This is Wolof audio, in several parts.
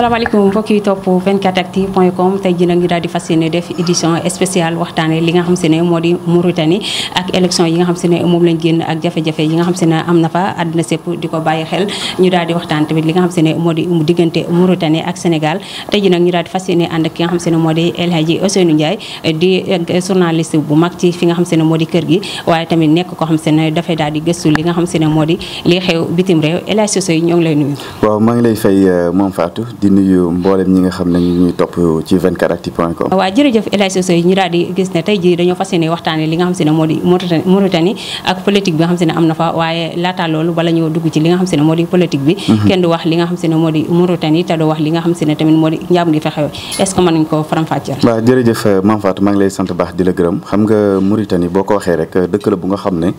salaamaaleykum mbokk yi topp 24actu point com tey jii nag ñu daal di fas yéene def édition spéciale waxtaanee li nga xam se moo di Mauritanie ak élection yi nga xam se ne moom lañ génn ak jafe-jafe nga xam se ne am na fa àddina sépp di ko bàyyi xel ñu di waxtaan tamit li nga xam se ne moo di diggante Mauritanie ak Sénégal te jii nag ñu daal di fas yéene ànd ak ki nga xam se moo di El Hadji Ousseynou Ndiaye di eh, journaliste bu mag ci fi nga xam se ne moo di kër gi waaye tamit nekk ko xam se ne dafay daal di gëstu li nga xam se ne moo di li xew bitim réew El Hadji Ousseynou ñoo lay nuyu waaw maa ngi lay fay eh, moom Fatou di nuyu mboolem ñi nga xam ne ñu ñuy topp ci 24actu.com. waaw jërëjëf El Hadj Sow ñu daal di gis ne tey jii dañoo fas yéene waxtaanee li li nga xam si ne moo di politique bi. Mhm. kenn du wax li nga xam si ne moo di Mauritanie te du wax li nga xam si ne tamit moo di njaam gi fa est-ce que mën nañu koo faram-fàcceel. jërëjëf euh, Mame maa ngi lay sant baax di la gërëm xam nga Mauritanie boo ko waxee rek euh, dëkk la bu nga xam ne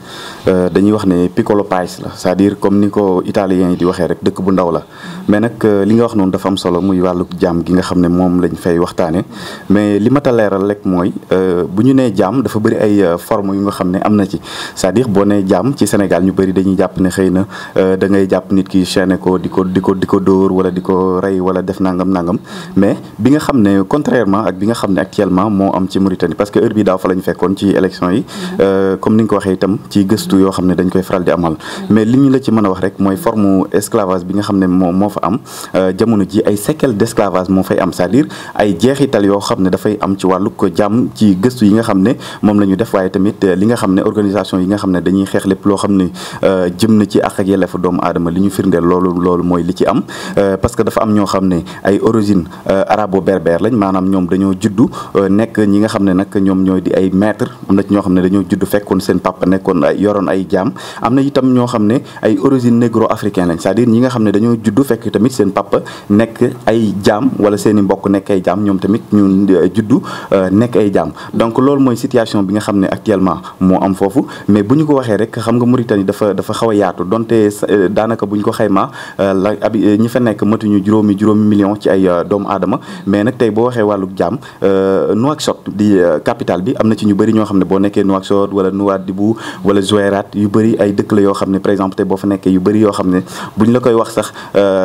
euh, dañuy wax ne piccolo paese la c'est-à-dire ni ko italien yi di waxee rek dëkk bu ndaw la mhm. mais nag euh, li nga wax noonu dafa am solo muy wàllu jaam gi nga xam ne moom lañ fay waxtaane mais li ma leeral rek mooy euh, bu ñu nee jaam dafa bari ay euh, form yu nga xam ne am na ci c'est-à-dire boo nee jaam ci Sénégal ñu bari dañuy jàpp ne xëy na da ngay jàpp nit ki chaîné ko di ko di ko di ko dóor wala di ko rey wala def nangam nangam mais bi nga xam ne contrairement ak bi nga xam ne actuellement moo am ci Mauritanie parce que heure bi daaw fa lañ fekkoon ci élection yi comme waxee itam ci gëstu yoo xam ne dañ koy faral di amal mais li ñu la ci mën a wax rek mooy forme esclavage bi nga xam ne moo moo fa fa am euh, jamono ji ay séquelles d'esclavage moo fay am c'est-à-dire ay jeexital yoo xam ne dafay am ci wàllu ko jàmm ci gëstu yi nga xam ne moom la ñu def waaye tamit euh, li nga xam ne organisation yi nga xam ne dañuy xeex lépp loo xam ne euh, jëm na ci àq ak doomu aadama li ñu firndeel loolu loolu mooy li ci am parce que dafa am ñoo xam ne ay origine arabo berbère lañ maanaam ñoom dañoo juddu nekk ñi nga xam ne nag ñoom ñooy di ay maître am na ñoo xam ne dañoo juddu fekkoon seen papa nekkoon ay yoroon ay jaam am na itam ñoo xam ne ay origine négro africain lañ cest à ñi nga xam ne dañoo juddu fekk fekk tamit seen papa nekk ay jaam wala seen i mbokk nekk ay jaam ñoom tamit ñu euh, juddu euh, nekk ay jaam donc loolu mooy situation bi nga xam ne actuellement moo am foofu mais bu ñu ko waxee rek xam nga Mauritanie dafa dafa xaw a yaatu donte euh, daanaka bu ñu ko xaymaa la ab ñi fa nekk matuñu juróomi juróomi million ci ay doomu aadama mais nag tey boo waxee wàllu jaam Nouakchott di capitale bi am na ci ñu bari ñoo xam ne boo nekkee Nouakchott wala Nouadhibou wala Zouérat yu bëri ay yoo xam ne par exemple boo fa nekkee yu bëri yoo xam ne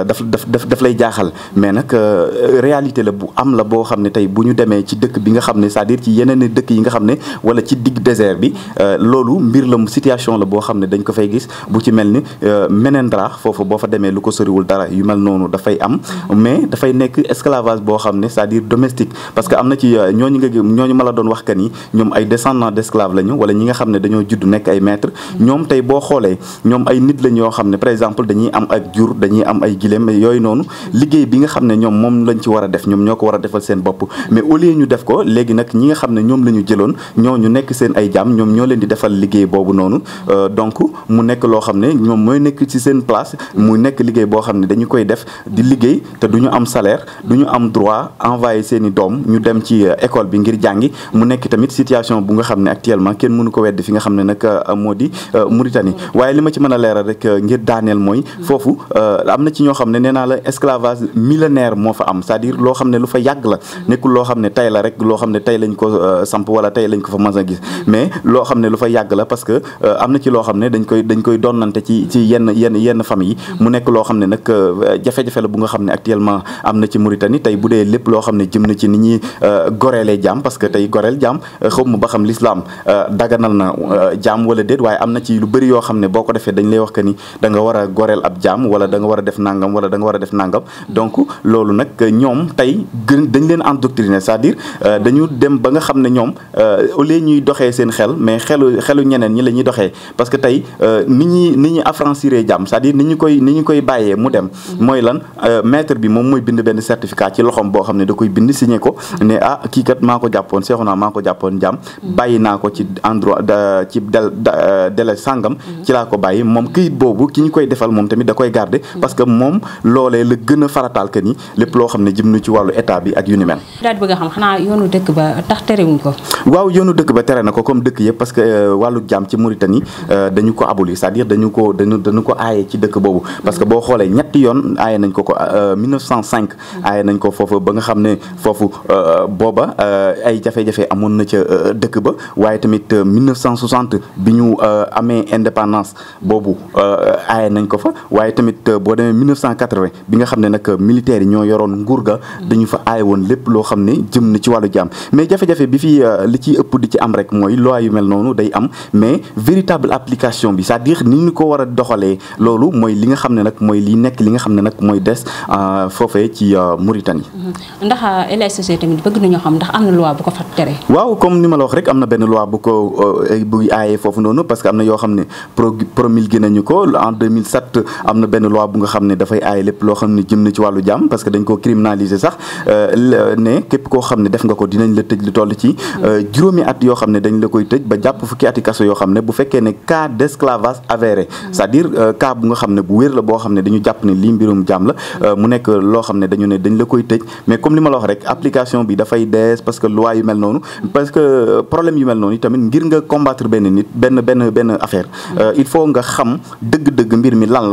daf daf daf lay jaaxal mais nag euh, réalité la bu am la boo xam ne tey bu ñu demee ci dëkk bi nga xam ne saa à ci yeneen dëkk yi nga xam ne wala ci digg désert bi euh, loolu mbir la mu situation la boo xam ne dañ ko fay gis bu ci mel ni euh, Menendra foofu boo fa demee lu ko soriwul dara yu mel noonu dafay am mais dafay nekk esclavage boo xam ne c'est-à-dire domestique parce que am na ci ñooñu nga ñooñu ma la doon wax kan yi ñoom ay descendant d'esclave wala ñi nga xam ne dañoo judd nekk ay maître ñoom tey boo xoolee ñoom ay nit lañ yoo xam ne par exemple dañuy am ak jur dañuy am ay gile dem yooyu noonu liggéey bi nga xam ne ñoom moom lañ ci war a def ñoom ñoo ko war a defal seen bopp mais au lieu ñu def ko léegi nag ñi nga xam ne ñoom la ñu jëloon ñoo ñu nekk seen ay jaam ñoom ñoo leen di defal liggéey boobu noonu euh, donc mu nekk loo xam ne ñoom mooy nekk ci seen place mu nekk liggéey boo xam ne dañu koy def di liggéey te du ñu am salaire du ñu am droit envoyé seeni doom ñu dem ci euh, école bi ngir jàngi mu nekk tamit situation bu nga xam ne actuellement kenn mënu ko weddi fi nga xam ne nag euh, moo di Mauritanie mm. waaye li ma ci mën a leeral rek ngir mooy mm. xam ne nee naa la esclavage millénaire moo fa am cest à loo xam ne lu fa yàgg la nekkul loo xam ne tey la rek loo xam ne tey lañ ko samp wala tey lañ ko fa mas a gis mais loo xam ne lu fa yàgg la parce que am na ci loo xam ne dañ koy dañ koy donnante ci ci yenn yenn yenn famille mu nekk loo xam ne nag jafe-jafe la bu nga xam ne actuellement am na ci Mauritanie tey bu dee lépp loo xam ne jëm na ci ni ñuy goreelee jaam parce que tey goreel jaam xaw ma ba xam l'islam daganal na jaam wala déet am na ci lu bëri yoo xam ne boo ko defee dañ lay wax que ni da nga war a goreel ab jaam wala da nga war a def nangam wala da nga war a def nangam donc loolu nag ñoom tey gën dañ leen endoctriner c'est-à-dire euh, dañu dem ba nga xam ne ñoom euh, au lieu ñuy doxee seen xel mais xelu xelu ñeneen ñi la ñuy doxee parce que tey euh, ni ñuy ni ñuy affranciré jàmm cest ni ñu koy ni ñu koy bàyyee mu dem mhm. mooy lan maître bi moom mooy bind benn certificat ci loxoom boo xam ne da koy bind signé ko ne ah kii kat maa ko jàppoon seexunaa maa ko jàppoon jàmm mhm. bàyyi naa ko ci endroit ci del sàngam mhm. ci laa ko bàyyi moom këyit boobu ki ñu koy defal loolee la gën a farataal que ni lépp loo xam ne jëm na ci wàllu état bi ak yu ni mel. daal bëgg a xam xanaa yoonu dëkk ba tax terewuñ ko. waaw yoonu dëkk ba tere na ko comme dëkk yëpp parce que euh, wàllu jaam ci Mauritanie euh, dañu ko aboli c'est-à-dire dañu ko dañu dañu ko aaye ci boobu. parce que boo xoolee ñetti yoon aaye nañ ko ko 1905. Euh, aaye nañ ko foofu ba nga xam ne foofu booba ay jafe-jafe amoon na ca dëkk ba waaye tamit 1960 bi ñu amee indépendance boobu aaye nañ ko fa waaye tamit boo demee 1980 bi nga xam ne nag militaires yi ñoo yoroon nguur ga dañu fa aay woon lépp loo xam ne jëm na ci wàllu jaam mais jafe-jafe bi fi euh, li ciy ëpp di ci am rek mooy loi mel noonu day am a doxalee loolu mooy li nga xam ne nag mooy li li nga xam ne nag mooy des euh, foofee ci euh, Mauritanie. Mm-hmm. ndax LSC na loi bu ko fa waaw comme ni ma la wax rek am na benn loi bu ko buy aayee foofu noonu parce que am na yoo xam ne promulgué nañu ko en 2007 am na benn loi bu nga xam ne dafay aaye lépp loo xam ne jëm na ci wàllu jàmm parce que dañ ko criminaliser sax euh, ne képp koo xam ne def nga ko dinañ la tëj lu toll ci euh, juróomi at yoo xam ne dañ la koy tëj ba jàpp fukki ati kaso yoo xam ne bu fekkee ne cas d'esclavage avéré cest à euh, cas bu nga xam ne bu wér la boo xam ne dañu jàpp ne lii mbirum jàmm la mu nekk loo xam ne dañu ne dañ la koy tëj mais comme li ma la wax rek application bi dafay dees parce que loi yu mel noonu parce que problème yu mel noonu tamit ngir nga combattre benn nit benn benn benn affaire il faut nga xam dëgg-dëgg mbir mi lan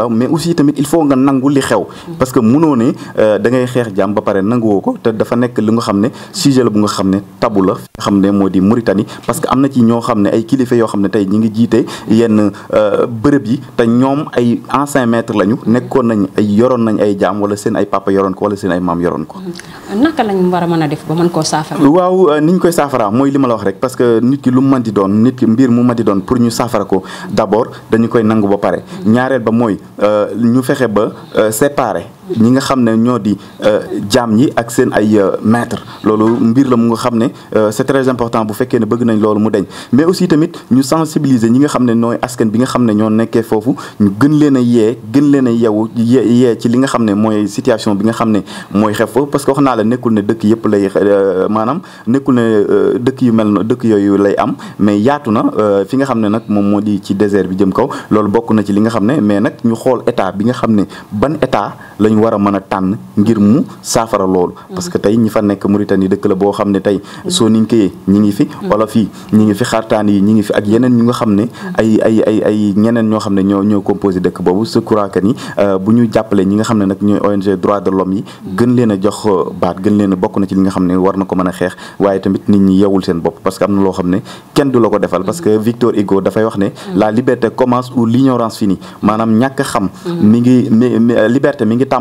li xew parce que munoo ne euh, da ngay xeex jàmm ba pare nanguwoo ko te dafa nekk li nga xam ne sujet la bu nga xam ne tabu la xam que am na ci ñoo xam ne ay kilifa yoo xam ne tey ñi ngi jiite yenn euh, bërëb yi te ñoom ay ancien maître lañu nekkoon nañ ay yoroon nañ ay jaam wala seen ay papa yoroon ko wala seen ay maam yoroon ko. Mm-hmm. naka lañ war a mën a euh, mooy li ma la wax rek parce que nit lu mu mën di doon nit ki mbir mu mën di doon pour ñu saafara ko d'abord dañu koy nangu ba pare mm-hmm. ñaareel ba mooy ñu fexe ba. Euh, séparés ñi nga xam ne ñoo di euh, jaam ñi ak seen ay euh, maître loolu mbir la mu nga xam ne euh, c'est très important bu fekkee ne bëgg nañ loolu mu deñ mais aussi tamit ñu sensibiliser ñi nga xam ne nooy askan bi nga xam ne ñoo nekkee foofu ñu gën leen a yee gën leen a yeewu yee ci li nga xam ne mooy situation bi nga xam ne mooy xew foofu que wax naa la nekkul ne dëkk yëpp lay maanaam nekkul ne dëkk yu mel dëkk yooyu lay am mais yaatu na fi nga xam ne nag moom moo di ci désert bi jëm kaw loolu bokk na ci li nga xam ne mais nag ñu xool état bi nga xam ne ban état la lañ war a mën a tànn ngir mu saafara loolu parce que tey ñi fa nekk Mauritanie dëkk la boo xam ne tey soninke yi ñi ngi fi wolof yi ñi ngi fi xartaan yi ñi nga xam ne ay ay ñoo xam ne ñoo ñoo composé dëkk boobu je crois que ni bu ñu jàppale ñi nga xam ne nag ñooy ONG droit de l'homme yi gën leen a jox baat gën leen bokk na ci li nga xam ne war na ko mën a xeex waaye tamit nit ñi yewul seen bopp parce que am na loo xam ne kenn du la ko defal parce que Victor Hugo dafay wax ne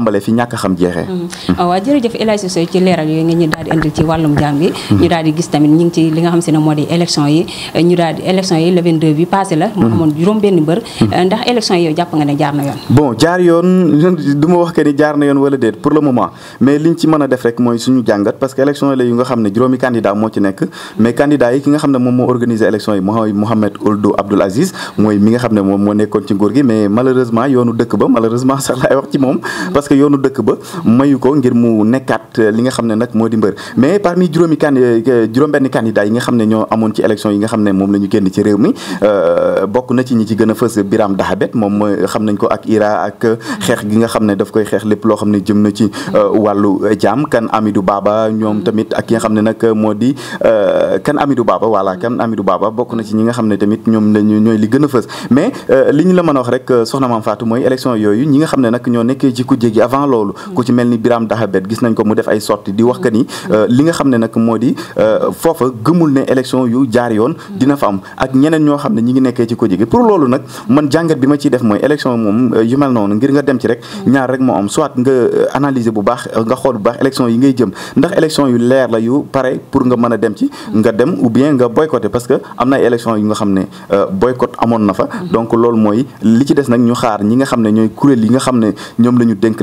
tàmbalee mm-hmm. ah, mm-hmm. li ñu mm-hmm. eh, ci mën a def rek mooy suñu jàngat parce que élection la nga xam ne juróomi candidat moo ci nekk mais candidat yi ki nga xam ne moom moo organisé élection yi mooy Mohamed Ould Aziz mooy mi nga xam ne moom moo nekkoon ci nguur gi mais malheureusement yoonu dëkk ba malheureusement sax laay wax ci moom parce que yoonu dëkk ba mayu ko ngir mu nekkaat euh, li nga xam ne nag moo di mbër mais parmi juróomi kan euh, juróom-benn candidat yi nga xam ne ñoo amoon ci élection yi nga xam ne moom ñu ci réew mi euh, bokk na ci ñi ci moom mooy xam nañ ko ak IRA ak xeex gi nga xam ne daf koy xeex lépp loo xam ne jëm na ci wàllu jaam kan Amidou Baba ñoom tamit ak ki nga xam ne nag moo di kan Amidou Baba voilà kan Amidou Baba bokk na ci ñi nga xam ne tamit ñoom lañu ñooy li gën a fës mais li ñu la mën a wax rek soxna Maam Fatou mooy élection yooyu ñi nga xam ne nag avant loolu ku ci mel ni Biram Dahabet gis nañ ko mu def ay sorti di wax que ni euh, li nga xam ne nag moo di euh, foofa gëmul ne élection yu jaar yoon dina fa am ak ñeneen ñoo xam ne ñi ngi nekkee ci ko jege pour loolu nag man jàngat bi ma ciy def mooy moom euh, yu mel noonu nga dem ci rek ñaar rek moo am soit nga bu baax nga xool bu baax élection yi ngay jëm ndax élection yu leer la yu pare pour nga mën a dem ci nga dem bien nga boycotter parce que am na ay élection nga xam ne boycott amoon na fa donc loolu mooy li ci des nag ñu xaar ñi nga xam ne ñooy kuréel yi nga xam ne ñoom la ñu dénk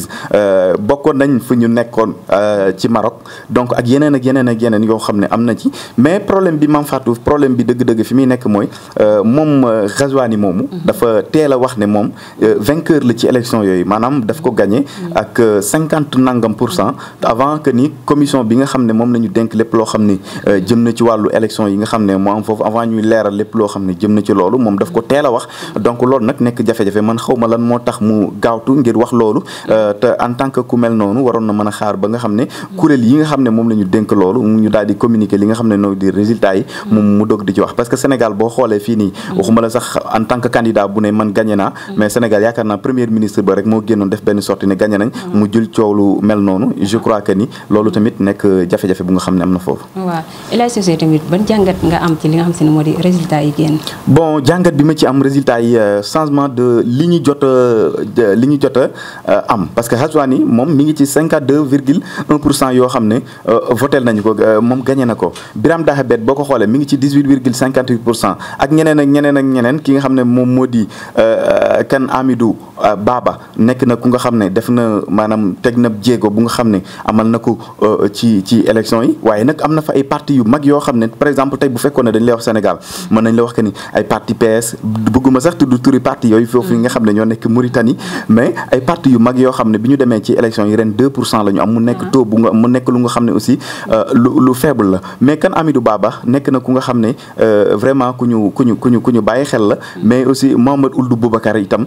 entreprise euh, bokkoon nañ fu ñu nekkoon euh, ci Maroc donc ak yeneen ak yeneen ak yoo xam ne am na ci mais problème bi Mame Fatou problème bi dëgg-dëgg fi muy nekk mooy euh, moom Ghazouani moomu mhm. dafa teel a wax ne moom vainqueur la ci élection yooyu maanaam daf ko gagné mhm. ak cinquante nangam pour cent avant que ni commission bi nga xam ne moom la ñu dénk lépp loo xam ne jëm na ci wàllu élection yi nga xam ne moom foofu avant ñuy leeral lépp loo xam ne jëm na ci loolu moom daf ko teel a wax donc loolu nag nekk jafe-jafe man xaw ma lan moo tax mu gaawtu ngir wax loolu te en tant que ku mel noonu waroon na mën a xaar ba nga xam ne kuréel yi nga xam ne moom la ñu dénk loolu ñu daal di communiquer li nga xam ne noo di résultat yi moom mu dog di ci wax parce que Sénégal boo xoolee fii nii mm. waxuma la sax en tant que candidat bu ne man gagné naa mm. mais Sénégal yaakaar naa premier ministre ba rek moo génnoon def benn sortie ne gagné nañ mm. mu jël coow lu mel noonu je crois que ni loolu tamit nekk jafe-jafe bu nga xam ne am na foofu waaw El Hadj Socé tamit ban jàngat nga am ci li nga xam se ne moo di résultat yi génn bon jàngat bi ma ci am résultat yi euh, changement de li ñu jot a li ñu jot a euh, am parce que Hajwani moom mi ngi ci 52 virgule 1 pour cent yoo xam ne euh, votel nañu ko euh, moom gagné na ko Biram Dahabet boo ko xoolee mi ngi ci 18 virgule 58 pour cent ak ñeneen ak ñeneen ak ñeneen ki nga xam ne moom moo di euh, kan Amidou Euh, Baba nekk na ku nga xam ne def na maanaam teg na jéego bu nga xam ne amal na ko euh, ci ci élection yi waaye nag am na fa ay parti yu mag yoo xam ne par exemple tey bu fekkoon ne dañ lay wax Sénégal mën nañ la wax que ni ay parti PS bëgguma sax tudd turi parti yooyu foofu yi nga xam ne ñoo nekk Mauritanie mais ay parti yu mag yoo xam ne bi ñu demee ci élection yi ren 2 pour cent la am mu nekk taux bu nga mu nekk lu nga xam ne aussi euh, lu lu faible la mais kan Amidou Baba nekk na ku nga xam ne vraiment ku ñu ku ñu ku ñu ku ñu bàyyi xel la mais aussi Mohamed Ould Boubacar itam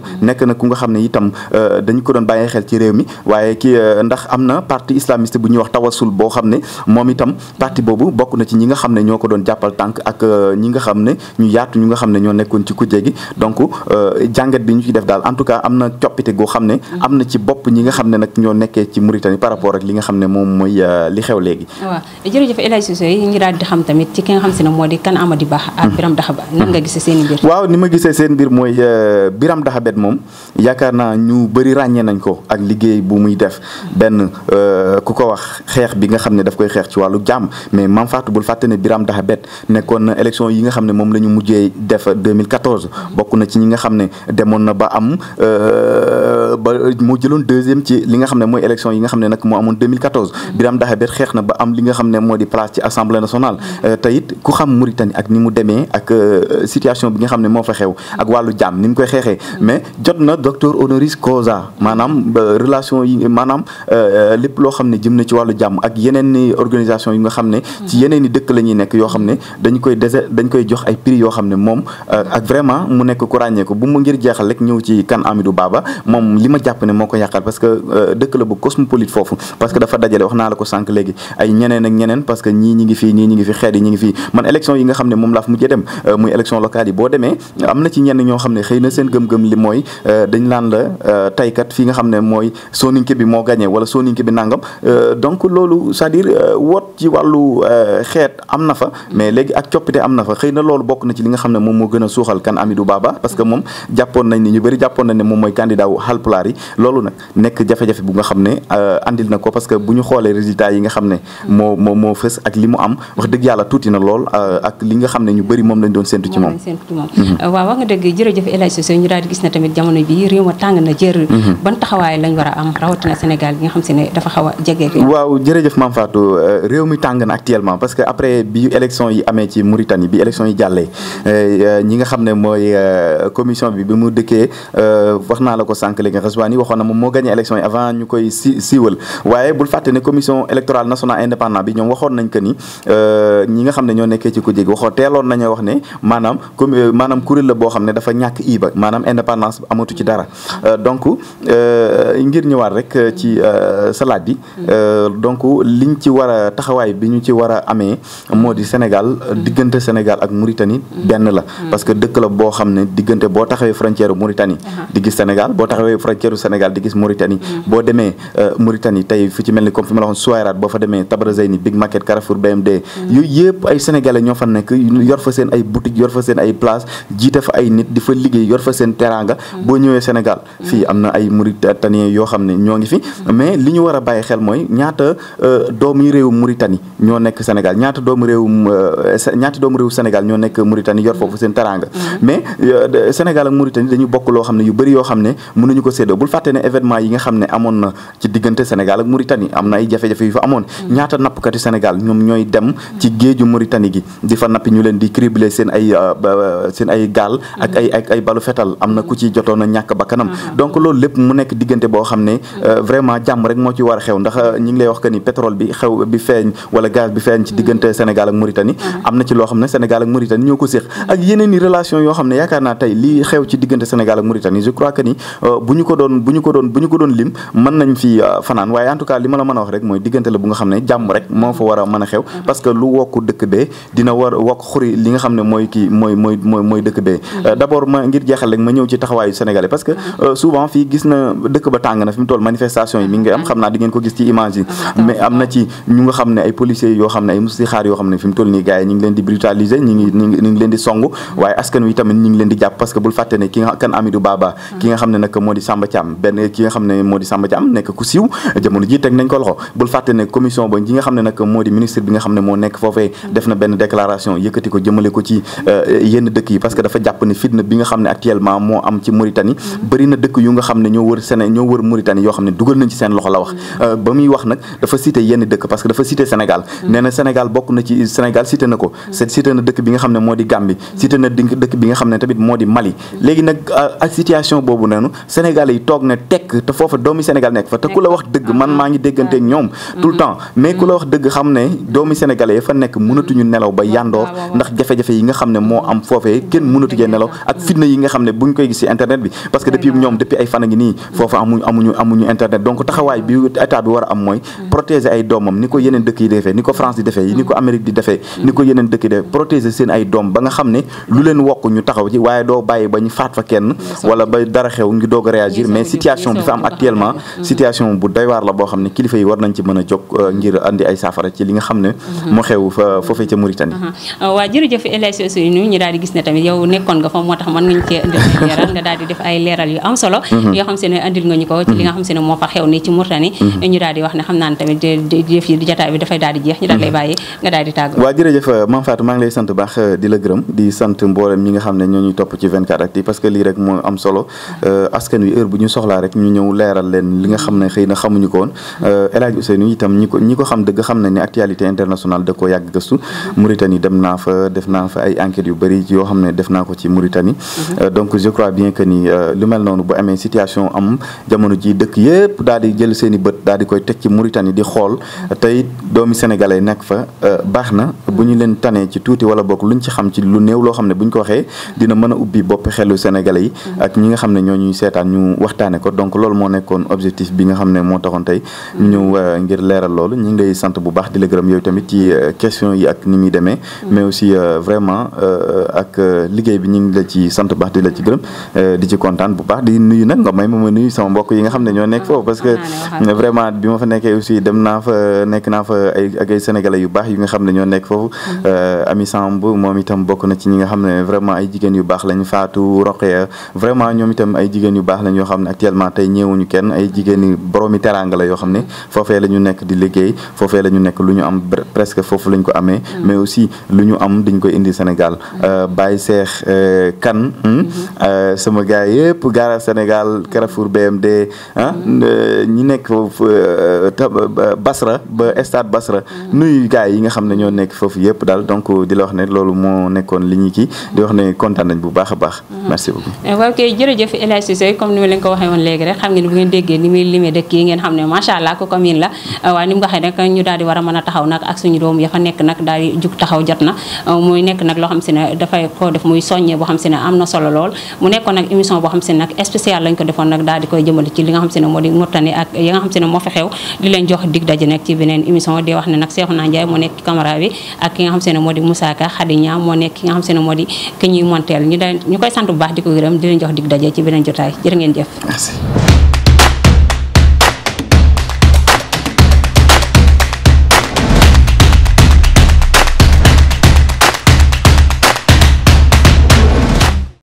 xam euh, doon bàyyi xel ci réew mi waaye kii euh, ndax am na parti islamiste bu ñuy wax tawasul boo xam ne moom itam parti boobu bokk na ci ñi nga xam ne ñoo ko doon jàppal tànk ak euh, ñi nga xam ne ñu yaatu ñu nga xam ne ñoo nekkoon ci kujje gi donc jàngat bi ñu ci def daal en tout cas am na coppite goo xam ne am na ci bopp ñi nga xam ne nag ñoo nekkee ci Mauritanie par rapport ak li nga xam ne moom mooy li xew léegi waaw moo di kan Amady Ba ak hmm. Biram Daxaba nan nga ni ma gisee seen mbir mooy Biram Daxabet moom yaakaar naa ñu bëri ràññee nañ ko ak liggéey bu muy def benn euh, ku ko wax xeex bi nga xam ne daf koy xeex ci wàllu jàmm mais Mame Fatou bul fàtte ne Biram Dahabet nekkoon na élection yi nga xam ne moom la ñu mujjee def 2014 bokk na ci ñi nga xam ne demoon na ba am euh, ba moo jëloon deuxième ci li nga xam ne mooy élection yi nga xam ne nag moo amoon 2014 Biram Dahabet xeex na ba am li nga xam ne moo di place ci assemblée nationale euh, te ku xam Mauritanie ak ni mu demee ak situation bi nga xam ne moo fa xew ak wàllu jàmm ni mu koy xeexee mais jot na docteur docteur honoris causa maanaam relation yi maanaam euh, euh, lépp loo xam ne jëm na ci wàllu jàmm ak yeneen ni organisation yi nga xam ne mm. ci yeneen ni dëkk la ñuy nekk yoo xam ne dañ koy dese dañ koy jox ay prix yoo xam ne moom euh, ak vraiment mu nekk ku ràññee ko bu mu ngir jeexal rek ñëw ci kan Amidou Baba moom moo ko yàqal parce que dëkk la bu cosmopolite foofu parce que dafa dajale wax naa la ko sànq léegi ay ñeneen ak ñeneen parce que ñii ñi ngi fii ñii ñi ngi fi xeet yi ñi ngi fii man élection yi nga xam ne moom laa fi mujjee dem muy élection locale yi boo demee am na ci ñenn ñoo xam ne xëy na seen gëm-gëm li mooy dañ naan la euh, tey kat fi nga xam ne mooy Soninke bi moo gagné wala Soninke bi nangam euh, donc loolu cest euh, à xeet am na fa mais léegi ak coppite am na fa xëy na loolu bokk na ci li nga xam ne moom moo gën a suuxal kan Amidou Baba parce moom jàppoon nañ ni ñu bëri jàppoon nañ ne moom mooy candidat wu loolu nag nekk jafe bu nga xam ne andil na ko parce que bu ñu xoolee résultats yi nga xam ne moo moo moo fës ak li mu am wax dëgg yàlla tuuti na lool ak li nga xam ne ñu bëri moom lañ doon séntu ci moom mhm. gis na tamit jamono bi réew ma tàng na jër mhm. ban taxawaay lañ a am rawatina Sénégal bi nga xam si ne dafa xaw a jege waaw jërëjëf Mame Fatou euh, réew mi tàng na actuellement parce que après bi élection yi amee ci Mauritanie bi élection yi jàllee euh, ñi nga xam ne mooy euh, commission bi bi mu dëkkee wax naa la ko sànq léegi Ghazouani waxoon na moom moo gagné élection yi avant ñu koy si siiwal waaye bul fàtte ne commission électorale nationale indépendante waxoon nañ que ni ñi nga xam ne ñoo nekkee ci ku jege waxoon teeloon nañoo wax ne maanaam comme maanaam la boo xam ne dafa ñàkk iiba maanaam indépendance amatu ci dara voilà euh, donc euh, ngir ñëwaat rek euh, ci sa laaj bi mm. donc liñ ci war a taxawaay bi ñu ci war a amee moo di senegal mm. diggante senegal ak Mauritanie mm. benn la parce que dëkk la boo xam ne diggante boo taxawee frontière Mauritanie uh-huh. di gis senegal boo taxawee frontière Sénégal di gis Mauritanie boo demee Mauritanie tey fi ci mel ni comme fi ma la waxoon Souayrate boo fa demee Tabrazayni Big Market Carrefour BMD yooyu yëpp ay sénégalais ñoo fa nekk yor fa seen ay boutique yor fa seen ay place jiite fa ay nit di fa liggéey yor fa seen teranga Sénégal fii am na ay Mauritaniens yoo xam ne ñoo ngi fi mais li ñu war a xel mooy ñaata euh, doomu réewu Mauritanie ñoo nekk Sénégal ñaata doomu réewu euh, ñaata doomu réewu Sénégal ñoo nekk Mauritanie yor foofu seen taranga mm-hmm. mais euh, Sénégal ak Mauritanie dañu bokk loo xam ne yu bëri yoo xam ne mënuñu ko séddoo bul fàtte ne événement yi nga xam ne amoon na ci diggante Sénégal ak Mauritanie am na ay jafe-jafe yu fa amoon mm-hmm. ñaata nappkati Sénégal ñoom ñooy dem ci géeju Mauritanie gi di fa nappi ñu leen di cribler seen ay seen ay gaal mm-hmm. a ñàkk bakkanam donc loolu lépp mu nekk diggante boo xam ne euh, vraiment jàmm rek moo ci war a xew ndax euh, ñi ngi lay wax que ni pétrole bi xew bi feeñ wala gaz bi feeñ ci diggante Sénégal ak Mauritanie loo xam ne Sénégal ak Mauritanie ñoo ko séq i relation yoo xam ne yaakaar naa tey lii xew ci diggante Sénégal ak Mauritanie je crois que ni euh, bu ñu ko doon bu ñu ko doon bu ñu ko doon lim a wax rek mooy diggante la bu nga xam ne fa war a mën a xew parce que lu wokk dëkk bee dina war wokk xuri li nga xam ne mooy kii mooy mooy mooy mooy dëkk bee d'abord ma ngir jeexal rek ma ñëw ci taxawaayu sénégalais parce que Euh, souvent fii gis na dëkk ba tàng na fi mu toll manifestation yi mi ngi am ah. xam naa di ngeen ko gis ci image yi ah, mais am na ci ñu nga xam ne ay policiers yoo xam ne ay mustixaar yoo xam ne fi mu toll nii gars yi ñu ngi leen di brutaliser ñu ngi ñu ngi leen di song mm. waaye askan wi tamit ñu ngi leen di jàpp parce ne ki nga kan Amidou Baba mm. ki ji teg nañ ko loxo bul fàtte ne commission ba ñi nga xam ne nag ne moo nekk foofee mm. def na benn déclaration yëkkati ko jëmale ko ci euh, yenn dëkk yi parce que dafa jàpp ne fitna bi nga xam ne actuellement moo am ci Mauritanie bëri na dëkk yu nga xam ne ñoo wër Séné ñoo wër Mauritanie yoo xam ne dugal nañ ci seen loxo la wax mm. euh, ba muy wax nag dafa cité yenn dëkk parce que dafa cité Sénégal mm. nee na Sénégal bokk na ci Sénégal cité na ko mm. cité na dëkk bi nga xam ne moo di Gambie cité na dëkk bi nga xam ne tamit moo di Mali léegi nag euh, situation boobu noonu Sénégal yi toog na tekk te foofa doomi Sénégal nekk fa te ku la wax dëgg man mm-hmm. maa ngi dégganteeg ñoom mm-hmm. tout le temps mais ku la wax dëgg xam ne doomi Sénégalais yi fa nekk mënatuñu nelaw ba mm-hmm. yandoor ah, ndax jafe-jafe yi nga xam ne moo am foofee kenn mënatu cee nelaw ak fitna yi nga xam ne buñ koy gis ci internet bi depuis ñoom depuis ay fan a ngi nii foofu amuñu internet donc taxawaay bi état bi war a am mooy mm. protéger ay doomam ni ko yeneen dëkk yi defee ni ko France di defee ni ko mm. Amérique di defee mm. ni ko yeneen dëkk yi defee protéger seen ay doom ba nga xam ne lu leen wokk ñu taxaw a am actuellement situation bu doy waar la boo xam ne kilifa yi war nañ ci mën a jóg euh, ngir ay saafara ci li nga xam ne mm-hmm. moo xew foofee ca Mauritanie mm-hmm. uh, waaw jërëjëf El Hadj Ousseynou ñu ñu cee tegtal yu am solo mm-hmm. yoo xam se ne nga ñu ko ci li nga mm-hmm. xam se moo fa xew ni ci Mauritanie mm-hmm. ñu daal di wax ne xam naa tamit jëf yi jataay bi dafay daal di jeex ñu daal lay bàyyi nga daal di tàggu euh, euh, di la gërëm di sant mboolem ñi xam ne ñoo ñuy topp ci 24 actu parce que lii euh, soxlaa rek ñu ñëw leeral leen li nga xam ne xëy na xamuñu ko woon El Hadj Ousseynou itam ñi ko ñi ko xam dëgg xam nañ ne actualité internationale da ko yàgg gëstu Mauritanie dem naa fa def naa fa ay enquêtes yu bëri yoo xam ne def naa ko ci Mauritanie donc je crois bien ju mel noonu bu amee situation am jamono ji dëkk yëpp daal di jël seen bët daal di koy teg ci tan Mauritanie di xool tey doomi sénégalais nekk fa euh, baax na bu ñu leen tanee ci tuuti wala bokk luñ ci xam ci lu néew loo xam ne bu ñu ko waxee dina mën a ubbi bopp xelu sénégalais yi mm-hmm. ak ñi nga xam ne ñoo ñuy seetaan ñu waxtaane ko donc loolu moo nekkoon objectif bi xam ne moo taxoon tey mm-hmm. ñu ñëw euh, ngir leeral loolu ñu ngi lay sant bu baax di la gërëm yow tamit ci euh, question yi ak ni muy demee mm-hmm. mais aussi vraiment ak liggéey bi ñu ngi la ci sant baax di la ci gërëm di ci kontaan bu baax di nuyu nag nga may ma ma nuyu sama mbokk yi nga xam ne ñoo nekk foofu parce que ah, vraiment bi ma fa nekkee aussi dem naa nekk naa fa ay yu baax yi nga xam ne ñoo nekk foofu mm-hmm. euh, Ami Samb moom itam bokk na ci ñi nga xam ne vraiment ay jigéen yu baax lañ Fatou Roqeya vraiment ñoom itam ay jigéen yu baax lañ yoo xam ne actuellement tey ñëwuñu kenn ay jigéen yu boroomi teraanga yoo xam ne foofee la ñu nekk di liggéey foofee la ñu nekk lu ñu am presque foofu lañ ko amee mm-hmm. mais aussi lu ñu am dañ koy indi Sénégal mm-hmm. euh, Baye Cheikh euh, kan hmm, sama gars yëpp yëpp Garage Sénégal Carrefour BMD ah ñi nekk foofu euh, Basra ba stade Basra nuyu gars yi nga xam ne ñoo nekk foofu yëpp daal donc di la wax ne loolu moo nekkoon li ñu kii di wax ne kontaan nañ baax a baax mm-hmm. merci beaucoup eh, waaw kay jërëjëf El Hadj Cissé waxee woon léegi rek xam ngeen bu ngeen déggee ni muy limee dëkk yi ngeen xam eh, ñu daal di war a mën a taxaw nag ak suñu doom ya fa nekk nag daal di eh, nekk nag loo xam si ne dafay ko def muy soññe boo xam si ne am na solo lool mu nekkoon nag émission boo xam si nag spécial lañ ko defoon nag daal di koy jëmale ci li nga xam si moo di Mauritanie ak yi nga xam si ne moo fa xew di leen jox dig daje nag ci beneen émission di wax ne nag Cheikhouna Ndiaye moo nekk caméra ak ki nga xam si ne moo di Moussa Ka Khady Niang moo nekk ki nga xam si ne moo di ki ñuy monteel ñu koy sant bu baax di ko gërëm di leen jox dig daje ci beneen jotaay jërë ngeen jëf